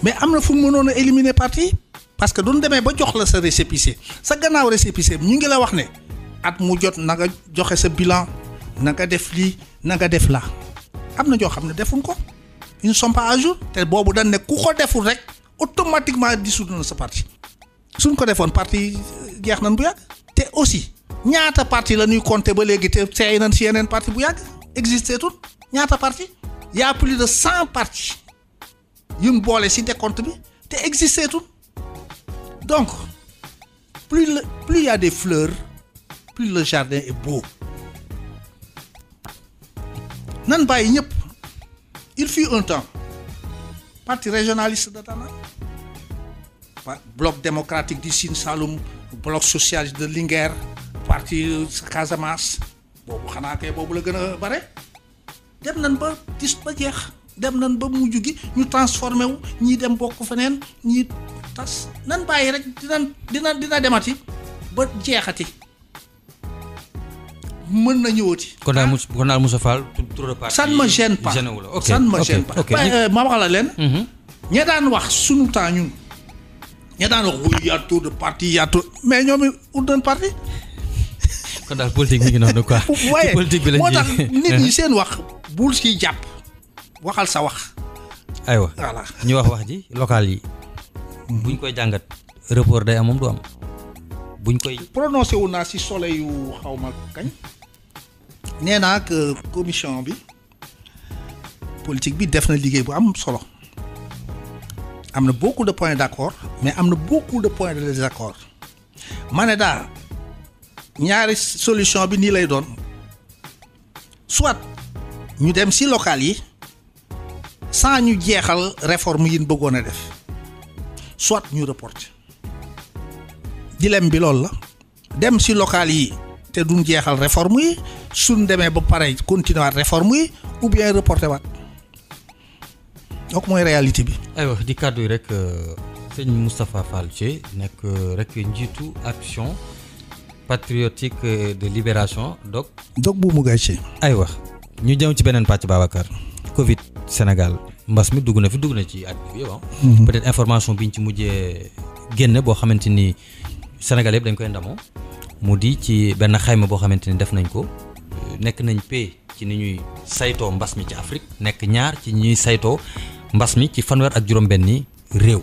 mais amna fu mu éliminer parti. parce que doon démé ba jox la sa récépissé sa gannaaw récépissé ñu ngi la wax né at mu jot sa bilan na nga def li nga def la am na ne ko ils ne sont pas à jour te boobu ne ku ko deful rek automatiquement dissout sa parti suñ ko parti jeex nan bu yàgg te aussi ñaata parti la ñuy compter ba léegi te seey nan si yeneen parti bu yàgg existé tout ñaata parti y a plus de 100 parties qui boole si décompte bi te tout donc plus plus il y a des fleurs plus le jardin est beau nan bàyyi ñep il fut un temps parti régionaliste de Tana bloc démocratique du sin Saloum bloc socialiste de linger parti Casamance boobu xanaa kay boobu la gëna bare dem nan ba dis ba jeex dem nan ba mujj gi ñu transformer wu ñi dem bokk fenen ñi tas nan bàyyi rek dina dina dina demati ba jeexati mën nañu woti kon daal ah? mus kon daal Moussa Fall tour de parti ça ne me gêne pas gêne pas ma wax la leen mhm. ña daan wax sunu temps ñun ña daan wax wuy yaa tour de parti yaa tour mais ñoom ut parti kon daal politique mi ngi noonu quoi waaye politique bi la moo tax nit ñi seen wax bul ci jàpp waxal sa wax aywa voilà ñu wax wax ji local yi buñ koy jàngat report day am du am buñ koy prononcé wu naa si soleil yu xaw ma kañ nee naa que bi politique bi def na liggéey bu am solo am na beaucoup de points d'accord mais am na beaucoup de points de désaccord ma ne daal ñaari solution bi nii lay doon soit ñu dem si local yi saa ñu jeexal réforme yi ñu bëggoon a def soit ñu reporter dilemme bi loolu la dem si local yi. te duñ jeexal réforme yi suñ demee ba pare continuer réforme yi ou bien reporter waat donc mooy réalité bi. aywa di kàddu yi rek euh, sëñ Moustapha Fall Dieng nekk euh, rek njiitu action patriotique de libération dog. dog bu mu gàccee. aywa ñu jëm ci beneen pàcc Babacar Covid Sénégal mbas mi dugg na fi dugg na ci at bi ah. mhm. peut-être information biñ ci mujjee génne boo xamante ni Sénégal yëpp dañ koy ndamoo mu di ci benn xayma boo xamante ni def nañ ko nekk nañ pay ci ni ñuy saytoo mbas mi ci Afrique nekk ñaar ci ñuy saytoo mbas mi ci fanweer ak juróom-benni réew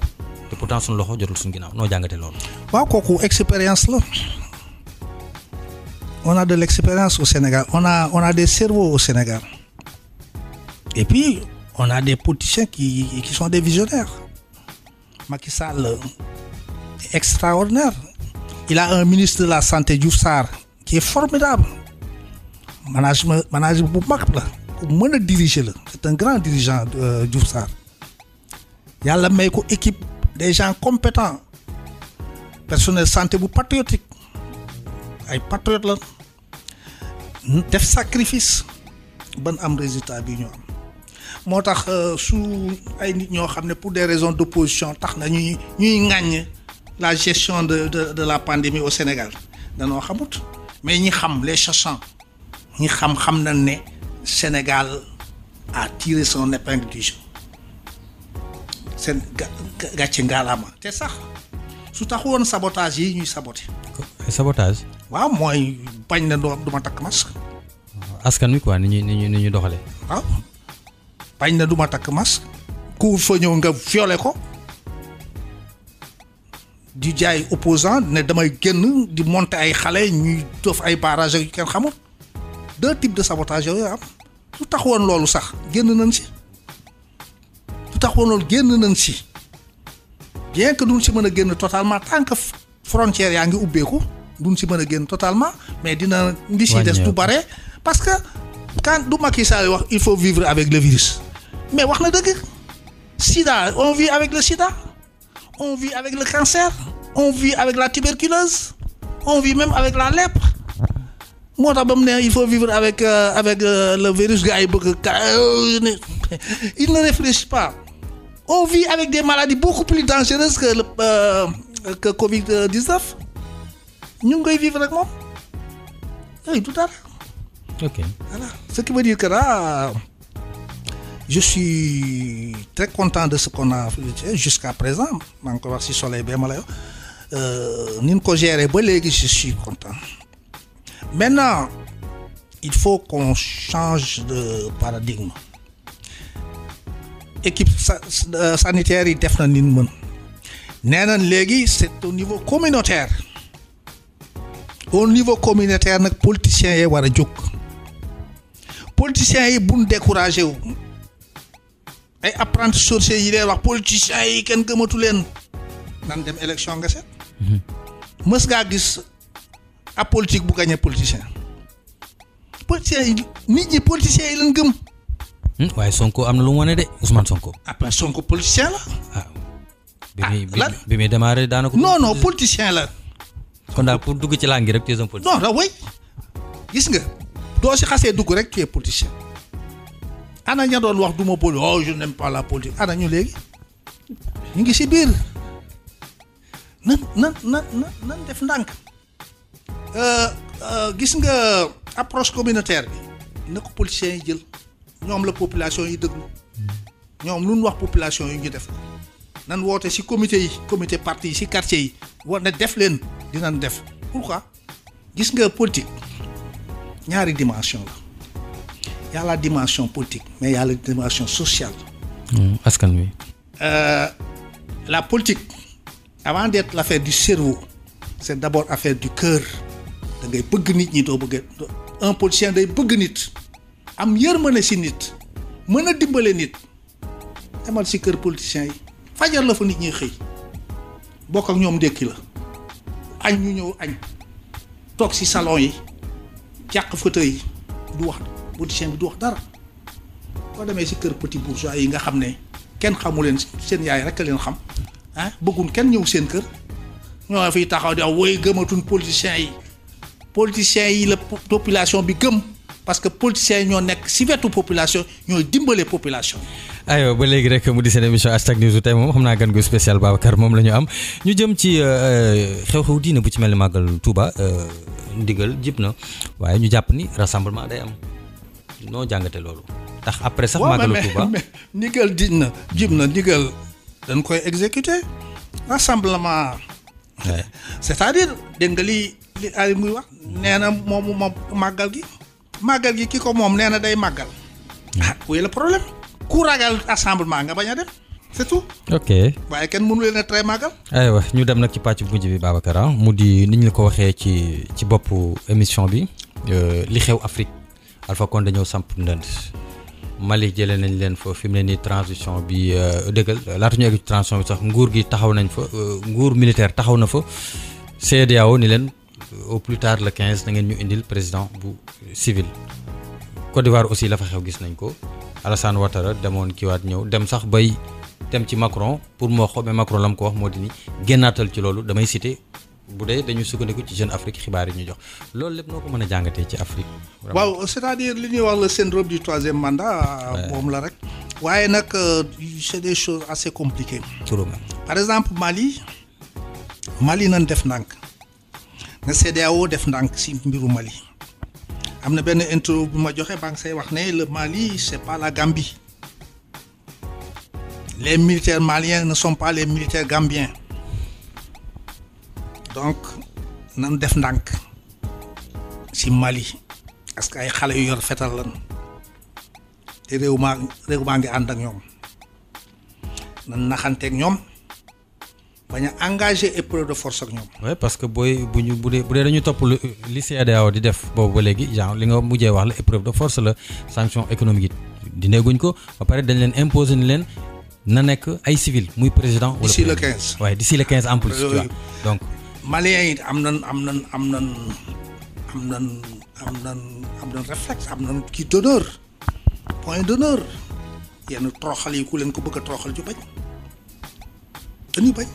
te pourtant suñu loxo jotul suñu ginnaaw noo jàngate loolu. waaw kooku expérience la on a de l' expérience au Sénégal on a on a des cerveaux au Sénégal et puis on a des politiciens qui qui sont des visionnaires Macky Sall extraordinaire il a un ministre de la Santé, Diouf qui est formidable. Management, management pour Mac, pour diriger. C'est un grand dirigeant, euh, Il y a la équipe des gens compétents. Personnel santé pour patriotique. Il patriote la def sacrifice ban am résultat bi ñu am moo euh, su ay nit ñoo pour des raisons d'opposition tax na ñuy la gestion de de de la pandémie au Sénégal danoo xamut mais ñi xam les sachants ñi xam xam nañ Sénégal a tiré son épingle du jeu seen gàcce ngaalaama te sax su taxu woon sabotage yi ñuy saboté. sabotage. waaw mooy bañ na doo du ma takk masque. askan wi quoi ni ñuy ni ñuy ni ñuy doxalee. bañ na duma ma masque. ku fa ñëw nga violé ko. di jaay opposant ne damay génn di monter ay xale ñuy def ay barrage yu kenn xamul deux types de sabotage yooyu am lu tax woon loolu sax génn nañ si lu tax woon loolu génn nañ si bien que duñ si mën a génn totalement tant que frontière yaa ngi ubbeeku duñ si mën a génn totalement mais dina ndi si des du bare parce que quand du Macky Sall wax il faut vivre avec le virus mais wax na dëgg sida on avec le sida on vit avec le cancer, on vit avec la tuberculose, on vit même avec la lèpre. Moi, d'abord, il faut vivre avec euh, avec euh, le virus Il ne réfléchit pas on vit avec des maladies beaucoup plus dangereuses que le euh, Covid 19 Nous, on vit vivre moi. Oui, tout. à ok voilà ce qui veut dire que là je suis très content de ce qu'on a fait jusqu'à présent soleil euh, je suis content maintenant il faut qu'on change de paradigme L'équipe euh, sanitaire est def na c'est au niveau communautaire au niveau communautaire les politiciens sont. Les a Les politiciens sont découragés. ay eh, apprenti sorcier yi lay wax politiciens yi kenn gëmatu leen nan dem élection nga mhm. set mës ngaa gis ab ah, politique bu gagné politicien politicien yi nit ñi politiciens yi lañ gëm hmm, waaye sonko am na lu mu wane de ousmane sonko après sonko politicien la ah bi bi muy démarré non non politicien la kon daal pour dugg ci langue rek tu es un politicien non da way gis nga doo si xasee dugg rek tu es politicien ana ña doon wax duma ma poli oh je n'aime pas la politique ana ñu léegi ñu ngi si biir nan nan nan nan def ndànk euh, euh, gis nga approche communautaire bi na ko politiciens yi jël ñoom la population yi déglu ñoom lu wax population yi ñu def ko nan woote si comité yi comité parti yi si quartier yi war na def leen dinañ def pourquoi gis nga politique ñaari dimension la il y a la dimension politique, mais il y a la dimension sociale. Hmm, askan, mmh. euh, la politique, avant d'être l'affaire du cerveau, c'est d'abord affaire du cœur. Un politicien day bëgg nit am yërmande si nit mën a dimbale nit demal si kër politicien yi fajar la fa nit ñi xëy bokk ak ñoom ndékki la añ ñu ñëw añ toog si salon yi jàq fauteuil du wax politicien bi du wax dara boo demee si kër petit bourgeois yi nga xam ne kenn xamu leen seen yaay rek leen xam ah bëgguñ kenn ñëw seen kër ñoo fiy taxaw di wax wooy gëmatuñ politiciens yi politiciens yi la population bi gëm parce que politiciens yi ñoo nekk si wetu population ñooy dimbale population aywa ba léegi rek mu di seen émission hashtag news moom xam naa gan gu spécial Babacar moom la ñu am ñu jëm ci euh, euh, xew-xew diine bu ci mel ni màggal Touba euh, ndigal jib na waaye ñu jàpp ni rassemblement day am noo jàngate loolu. ndax après sax màggalu Tuuba mais ndigal di na jib na ndigal dañ koy exécuter rassemblement. c'est-à-dire dégg nga li ay muy wax nee na moomu moom màggal gi. màggal gi ki ko moom nee na day màggal. ah où est le problème. ku ragal nga bañ a dem. c'est tout. waaye kenn mënu leen a tere màggal. ñu dem nag ci pàcc bu mujj bi Babacar ah. mu di ni ñu la ko waxee ci ci boppu émission bi euh, li xew Afrique. Alpha Condé dañoo samp ndënd Mali jëlee nañ leen fo fi mu transition bi euh, dëggal laata ñu egg ci transition bi sax nguur gi taxaw nañ fa euh, nguur militaire taxaw na fa CDAO e ni leen euh, au plus tard le 15 na ngeen ñu indil président bu civil. Côte d'Ivoire aussi la fa xew gis nañ ko Alassane Ouattara ki kiiwaat ñëw dem sax bay dem ci Macron pour mo xoo mais Macron lam ko wax modini di ci lolu damay citer bu dee dañu sukkandiku ci Jeune Afrique xibaar yi ñu jox loolu lépp noo ko mën a jàngatee ci Afrique. waaw c'est-à-dire li ñuy wax le syndrome du troisième mandat. moom la rek. waaye nag euh, c'est des choses assez compliquées. par exemple Mali Mali nan def ndànk na CEDEAO def ndànk si mbiru Mali am na benn intro bu ma joxe say wax ne le Mali c'est pas la Gambie les militaires maliens ne sont pas les militaires gambiens donc nan def ndànk ci Mali parce que ay xalé yu yor fétal lan te réew maa réew maa ngi ànd ak ñom nan naxanté ak ñom baña engagé épreuve de force ak ñom oui parce que boy buñu ñu bu dee bu dee dañu topp li CEDEAO di def boobu ba légui genre li nga mujjé wax la épreuve de force la sanction économique di dineeguñ ko ba paré dañ leen imposer ni leen na nek ay civil muy président. wala d'ici le 15 ouais d'ici le 15 en plus. tu euh, vois donc. Mali yi am amnan amnan amnan amnan amnan refleks amnan ki nan point d'honneur ya troxal yi ku kubu ko bëgg a troxal ju bañ dañuy bañ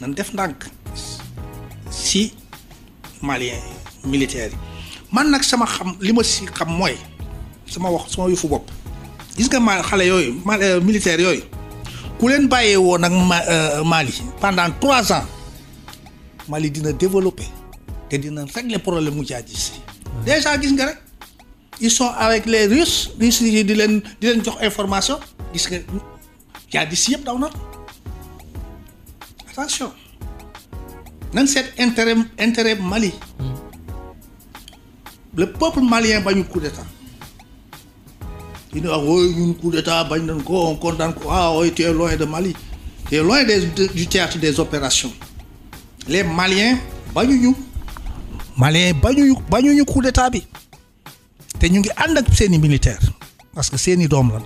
nan def ndànk si malien militaire yi man nak sama xam li si xam sama wax sama yëfu bop gis nga ma xale yooyu kulen euh, militaire yooyu ku leen bàyyee euh, Mali pendant trois ans Mali dina développer et dina régler problème mu djihadistes déjà ils sont avec les Russes ils ont di informations. di jox information gis nga attention dans cet intérêt Mali hmm. le peuple malien bañu coup d'état Il ont a coup d'état on condamne qu'ils ah loin de Mali tu es loin des du théâtre des opérations. les maliens bañuñu maliens bañu ñu coup d'état bi té ñu ngi and ak seeni militaire parce que seeni dom la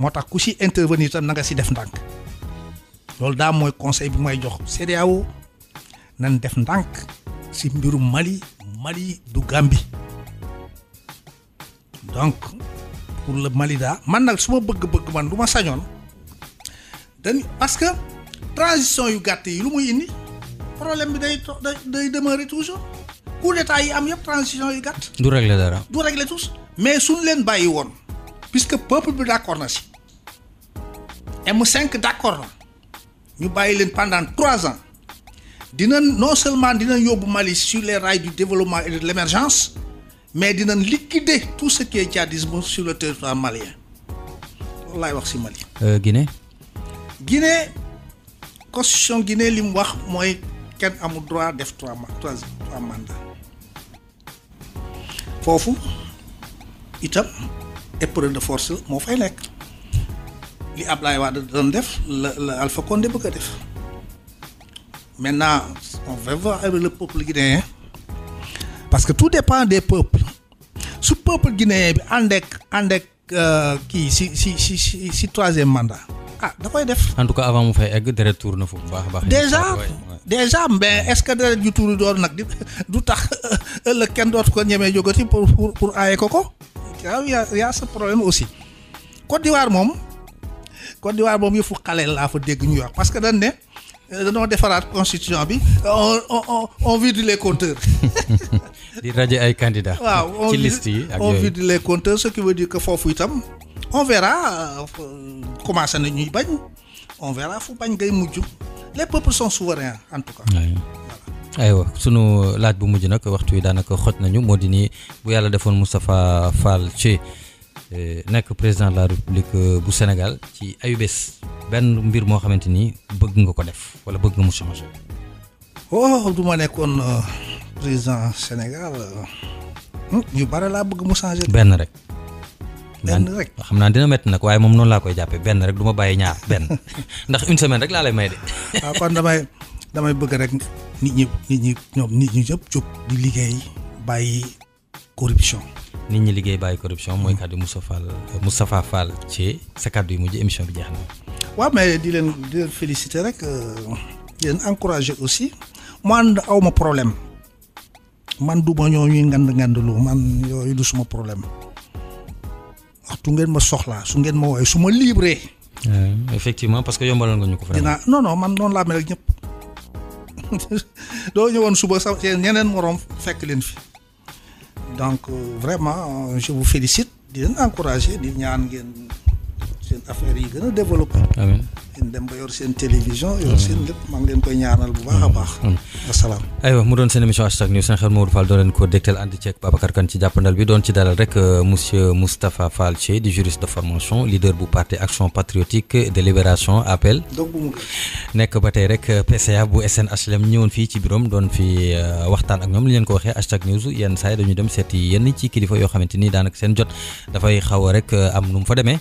motax ku ci intervenir tam nga ci def ndank lol da moy conseil bu may jox CDAO nan def ndank ci mbiru Mali Mali du Gambie donc pour le Mali da man nak suma bëgg bëgg man duma sañon dañ parce que transition yu gatt yi lu muy indi problème bi day day day demeurer toujours coup d'état yi am yëpp transition yi gàtt. du régler dara. du régler tous mais suñu leen bàyyi woon puisque peuple bi d'accord na si M5 d'accord na ñu bàyyi leen pendant trois ans dina non seulement dina yóbbu Mali sur les rails du développement et de l'émergence mais dina liquider tout ce qui est djihadisme sur le territoire malien loolu laay wax si Mali. Euh, Guinée. Guinée constitution Guinée li mu wax mooy a amul droit def trois trois mandats itam épreuve de force mo fay nek li Ablaye def un de maintenant on va voir avec le peuple guinéen parce que tout dépend des peuples Ce peuple guinéen bi andek euh, si si si troisième mandat. ah da koy def. en tout cas avant mu fay egg deret tuur na foofu baax baax. déjà déjà mais est-ce que deret ju tuuru door nag du tax ëllëg kenn dootu ko ñemee jógati pour pour pour aaye ko ko. waaw y' a problème aussi Côte d'Ivoire moom Côte d'Ivoire moom yëfu xale laa fa dégg ñuy wax parce que dañ ne euh, dañoo defaraat constitution bi on on on vide les di rajo ay candidats. waaw ci liste yi on vide les compteurs ce qui veut dire que foofu itam. on verra euh, comment ça ne se on verra il faut ngay les peuples sont souverains en tout cas. aywa sunu laaj bu waxtu eh, président de la république euh, Sénégal ci mbir bëgg nga ko def wala bëgg nga oh du ma euh, président Sénégal hmm, ñu bare bëgg mu rek. benn rek xam dina met nak waye mom non la koy jappé ben rek duma ma ñaar ben ndax une semaine rek la lay may dé ah kon damay damay bëgg rek nit ñi nit ñi ñom nit ñi yëpp jóg di liggéey bàyyi corruption. nit ñi liggéey bàyyi corruption moy kaddu Moustapha Fall euh, Moustapha Fall ci sa kàddu mu mujj émission bi jeex na. wa mais di leen di leen féliciter rek euh, di leen encourager aussi man awma problème man du ma ñoo ñuy ngand ngand lu man yooyu du suma problème. waxtu ngeen ma soxlaa su ngeen ma woowee su ma libre. Euh, effectivement parce que yombalal nga ñu ko. vraiment dinaa non non man noonu laa mel ak ñëpp doo ñëwoon suba sax ñeneen moroom fekk leen fi donc euh, vraiment euh, je vous félicite di leen encourager di ñaan ngeen seen affaire yi gën a développer. ngeen dem ba yor seen télévision yor hmm. seen lépp maa ngi leen koy ñaanal bu a baax hmm. asalaam aywa mu doon seen émission hashtag news seen xel Maodo Fall doon leen ko dégtal ànd ceeg Babacar Kane ci jàppandal bi doon ci dalal rek euh, monsieur Moustapha Fall di juriste de formation leader bu parti action patriotique de appel nekk ba tey rek euh, PCA bu SNHLM ñëwoon fii ci biroom doon fi euh, waxtaan ak ñoom li leen ko waxee hashtag news yenn saa yi dañu dem seeti yenn ci kilifa yoo xamante ni daanaka seen jot dafay xaw a rek am nu mu fa demee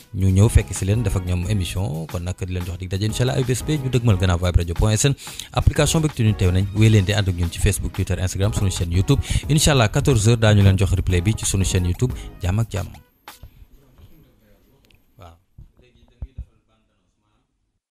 dig daje incha allah ay bés ñu gannaaw vibe radio point application bi ñu teew nañ wéy leen di ànd ak ñun ci facebook twitter instagram sunu chaîne youtube incha allah 14h daañu leen jox replay bi ci sunu chaîne youtube jàmm ak jàmm